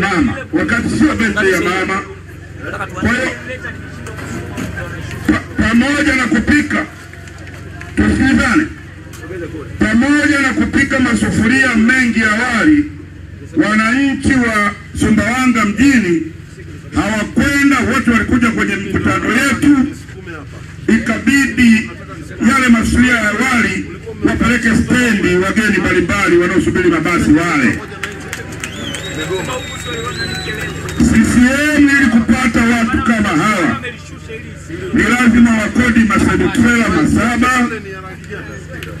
mama, wakati sio birthday ya mama. Kwa hiyo pamoja na kupika tusikilizane, pamoja na kupika masufuria mengi ya wali, wananchi wa Sumbawanga mjini hawakwenda wote, walikuja na saba,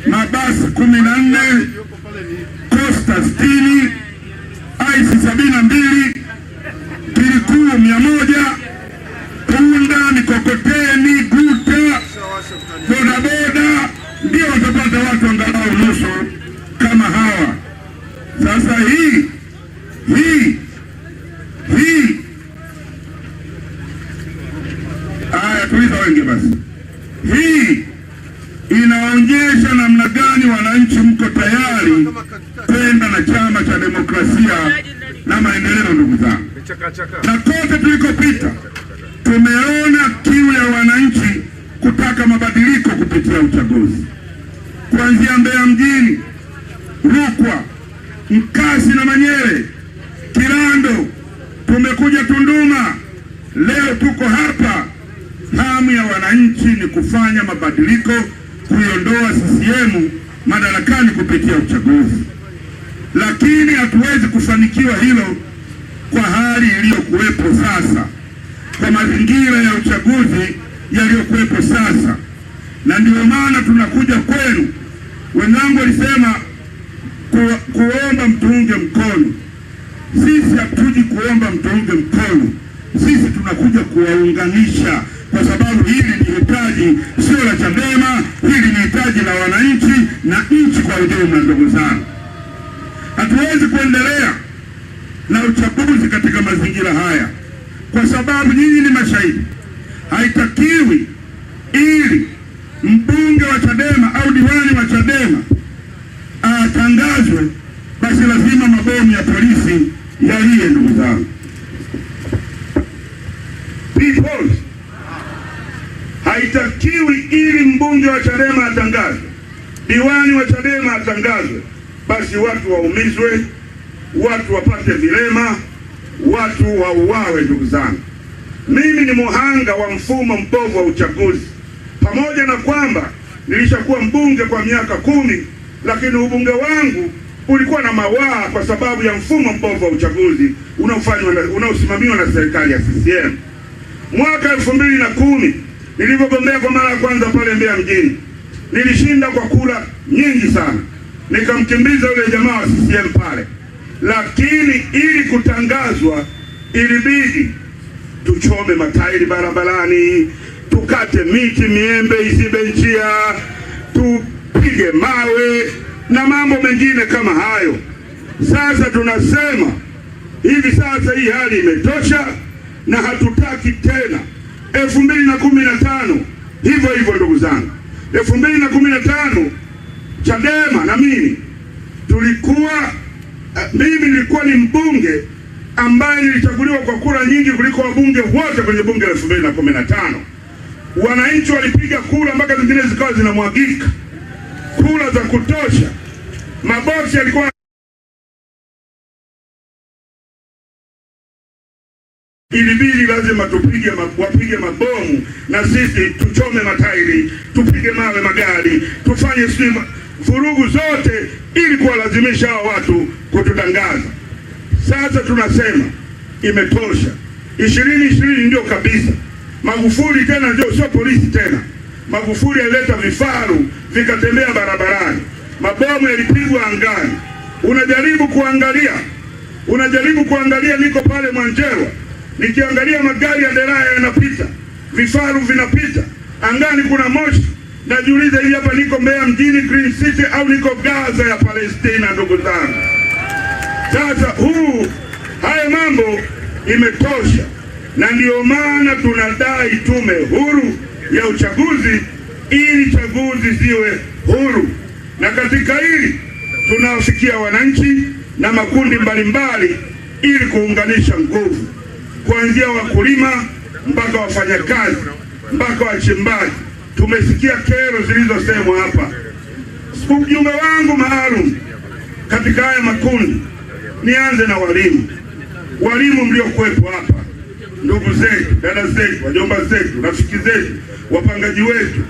mabasi kumi na nne, kosta sitini, aisi sabini na mbili, pirikuu mia moja, punda, mikokoteni, guta, bodaboda, ndio watapata watu angalau nusu kama hawa. Sasa hii kwenda na chama cha demokrasia na maendeleo. Ndugu zangu, na kote tulikopita tumeona kiu ya wananchi kutaka mabadiliko kupitia uchaguzi, kuanzia Mbeya mjini, Rukwa, Mkasi na Manyere, Kirando, tumekuja Tunduma, leo tuko hapa. Hamu ya wananchi ni kufanya mabadiliko, kuiondoa CCM madarakani kupitia uchaguzi, lakini hatuwezi kufanikiwa hilo kwa hali iliyokuwepo sasa, kwa mazingira ya uchaguzi yaliyokuwepo sasa, na ndiyo maana tunakuja kwenu. Wenzangu walisema ku, kuomba mtuunge mkono. Sisi hatuji kuomba mtuunge mkono, sisi tunakuja kuwaunganisha kwa sababu hili ni hitaji sio la Chadema, hili ni hitaji la wananchi na nchi kwa ujumla. Ndugu zangu, hatuwezi kuendelea na uchaguzi katika mazingira haya, kwa sababu nyinyi ni mashahidi. Haitakiwi ili mbunge wa Chadema au diwani wa Chadema atangazwe, basi lazima mabomu ya polisi yaliye. Ndugu zangu wa Chadema atangazwe, diwani wa Chadema atangazwe, basi watu waumizwe, watu wapate vilema, watu wauawe. Ndugu zangu, mimi ni muhanga wa mfumo mbovu wa uchaguzi. Pamoja na kwamba nilishakuwa mbunge kwa miaka kumi, lakini ubunge wangu ulikuwa na mawaa kwa sababu ya mfumo mbovu wa uchaguzi unaofanywa unaosimamiwa na serikali ya CCM. Mwaka elfu mbili na kumi Nilivyogombea kwa mara ya kwanza pale Mbeya mjini, nilishinda kwa kura nyingi sana, nikamkimbiza yule jamaa wa CCM pale, lakini ili kutangazwa ilibidi tuchome matairi barabarani, tukate miti miembe isibe njia, tupige mawe na mambo mengine kama hayo. Sasa tunasema hivi sasa hii hali imetosha, na hatutaki tena elfu mbili na kumi na tano hivyo hivyo, ndugu zangu, elfu mbili na kumi na tano Chadema na mimi tulikuwa eh, mimi nilikuwa ni mbunge ambaye nilichaguliwa kwa kura nyingi kuliko wabunge wote kwenye bunge la elfu mbili na kumi na tano. Wananchi walipiga kura mpaka zingine zikawa zinamwagika, kura za kutosha, maboksi yalikuwa Ilibidi lazima tupige wapige mabomu na sisi tuchome matairi, tupige mawe magari, tufanye sima vurugu zote, ili kuwalazimisha hao watu kututangaza. Sasa tunasema imetosha. Ishirini ishirini ndio kabisa. Magufuli tena ndio, sio polisi tena. Magufuli alileta vifaru vikatembea barabarani, mabomu yalipigwa angani. Unajaribu kuangalia, unajaribu kuangalia, niko pale Mwanjewa nikiangalia magari ya deraya yanapita, vifaru vinapita, angani kuna moshi, najiuliza hivi, hapa niko Mbeya mjini Green City au niko Gaza ya Palestina? Ndugu zangu, sasa huu haya mambo imetosha, na ndiyo maana tunadai tume huru ya uchaguzi ili chaguzi ziwe huru, na katika hili tunawafikia wananchi na makundi mbalimbali ili kuunganisha nguvu kuanzia wakulima mpaka wafanyakazi mpaka wachimbaji. Tumesikia kero zilizosemwa hapa. Ujumbe wangu maalum katika haya makundi, nianze na walimu. Walimu mliokuwepo hapa, ndugu zetu, dada zetu, wajomba zetu, rafiki zetu, wapangaji wetu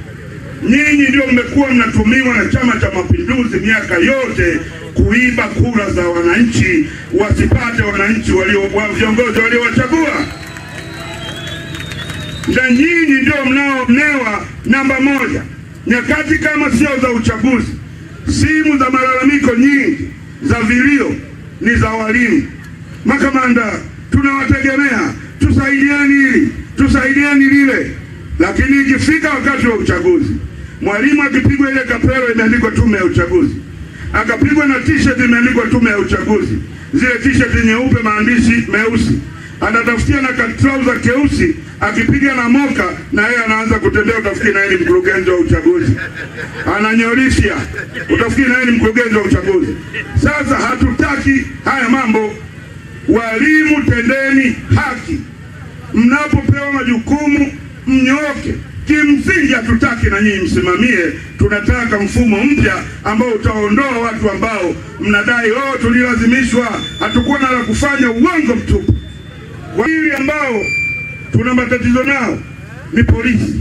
Nyinyi ndio mmekuwa mnatumiwa na Chama cha Mapinduzi miaka yote kuiba kura za wananchi, wasipate wananchi walio viongozi waliowachagua. Na nyinyi ndio mnaoonewa namba moja, nyakati kama sio za uchaguzi. Simu za malalamiko nyingi za vilio ni za walimu. Makamanda, tunawategemea, tusaidieni hili, tusaidieni lile, lakini ikifika wakati wa uchaguzi Mwalimu akipigwa ile kapero imeandikwa tume ya uchaguzi, akapigwa na t-shirt imeandikwa tume ya uchaguzi, zile t-shirt nyeupe maandishi meusi, anatafutia na trouser keusi, akipiga na moka na yeye anaanza kutembea, utafikiri yeye ni mkurugenzi wa uchaguzi, ananyorisha, utafikiri naye ni mkurugenzi wa uchaguzi. Sasa hatutaki haya mambo. Walimu, tendeni haki mnapopewa majukumu, mnyoke. Kimsingi hatutaki na nyinyi msimamie, tunataka mfumo mpya ambao utaondoa watu ambao mnadai oh, tulilazimishwa, hatukuwa na la kufanya. Uongo mtupu. Wili ambao tuna matatizo nao ni polisi,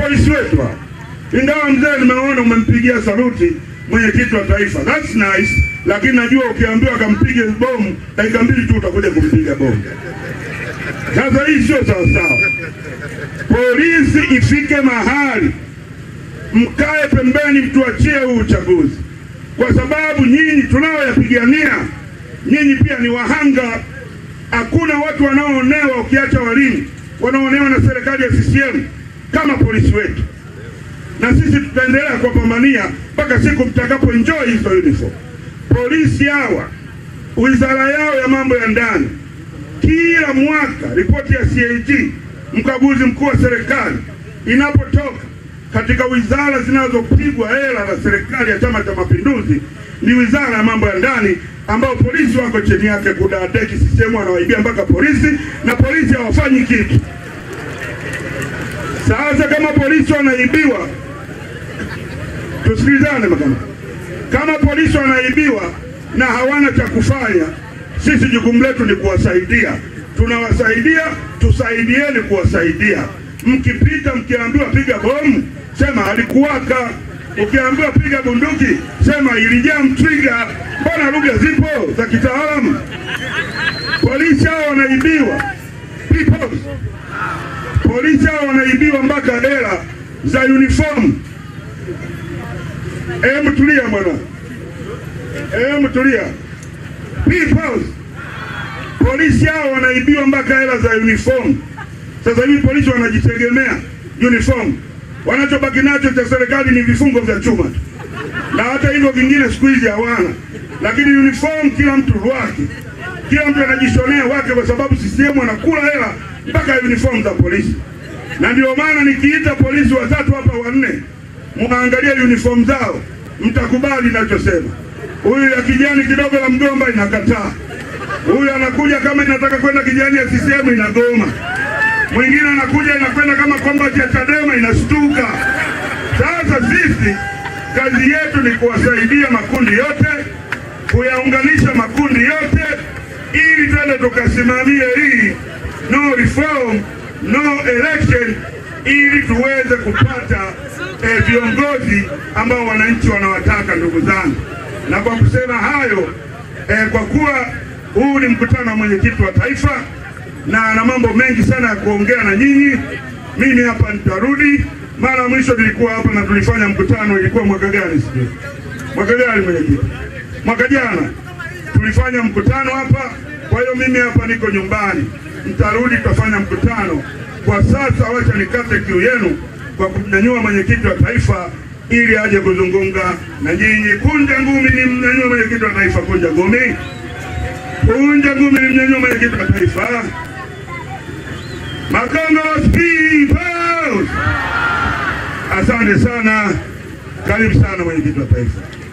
polisi wetu hao. Ingawa mzee, nimeona umempigia saluti mwenyekiti wa taifa, that's nice, lakini najua ukiambiwa akampige bomu dakika mbili tu utakuja kumpiga bomu. Sasa hii sio sawasawa ifike mahali mkae pembeni, mtuachie huu uchaguzi, kwa sababu nyinyi tunaoyapigania nyinyi pia ni wahanga. Hakuna watu wanaoonewa, ukiacha walimu wanaoonewa na serikali ya CCM kama polisi wetu, na sisi tutaendelea kuwapambania mpaka siku mtakapo enjoy hizo uniform. Polisi hawa wizara yao ya mambo ya ndani, kila mwaka ripoti ya CAG mkaguzi mkuu wa serikali inapotoka katika wizara zinazopigwa hela na serikali ya Chama cha Mapinduzi ni wizara ya mambo ya ndani, ambao polisi wako chini yake deki sistemu, wanawaibia mpaka polisi na polisi hawafanyi kitu. Sasa kama polisi wanaibiwa, tusikilizane makamu, kama polisi wanaibiwa na hawana cha kufanya, sisi jukumu letu ni kuwasaidia, tunawasaidia tusaidieni kuwasaidia. Mkipita mkiambiwa piga bomu, sema alikuwaka. Ukiambiwa piga bunduki, sema ilijaa mtwiga. Mbona lugha zipo za kitaalamu? Polisi hao wanaibiwa people, polisi hao wanaibiwa mpaka hela za unifomu Hebu tulia mwana, hebu tulia people Polisi hao wanaibiwa mpaka hela za uniform. Sasa hivi polisi wanajitegemea uniform, wanachobaki nacho cha serikali ni vifungo vya chuma na hata hivyo vingine siku hizi hawana. Lakini uniform kila mtu wake, kila mtu anajishonea wake, kwa sababu CCM anakula hela mpaka uniform za polisi. Na ndio maana nikiita polisi watatu hapa wanne, muangalia uniform zao, mtakubali ninachosema. Huyu ya kijani kidogo la mgomba inakataa Huyu anakuja kama inataka kwenda kijani ya CCM inagoma, mwingine anakuja inakwenda kama kwamba cha Chadema inashtuka. Sasa sisi kazi yetu ni kuwasaidia makundi yote, kuyaunganisha makundi yote, ili twende tukasimamie hii no reform no election, ili tuweze kupata eh, viongozi eh, ambao wananchi wanawataka. Ndugu zangu, na kwa kusema hayo eh, kwa kuwa huu ni mkutano wa mwenyekiti wa taifa na ana mambo mengi sana ya kuongea na nyinyi. Mimi hapa nitarudi. Mara mwisho nilikuwa hapa na tulifanya mkutano, ilikuwa mwaka gani? Sijui mwaka gani, mwenyekiti? Mwaka jana tulifanya mkutano hapa. Kwa hiyo mimi hapa niko nyumbani, nitarudi, tutafanya mkutano. Kwa sasa, wacha nikate kiu yenu kwa kumnyanyua mwenyekiti wa taifa ili aje kuzungumza na nyinyi. Kunja ngumi, ni mnyanyua mwenyekiti wa taifa, kunja ngumi. Vunja ngumi, mnyanyua mwenyekiti wa taifa. Makanga asante sana, karibu sana mwenyekiti wa taifa.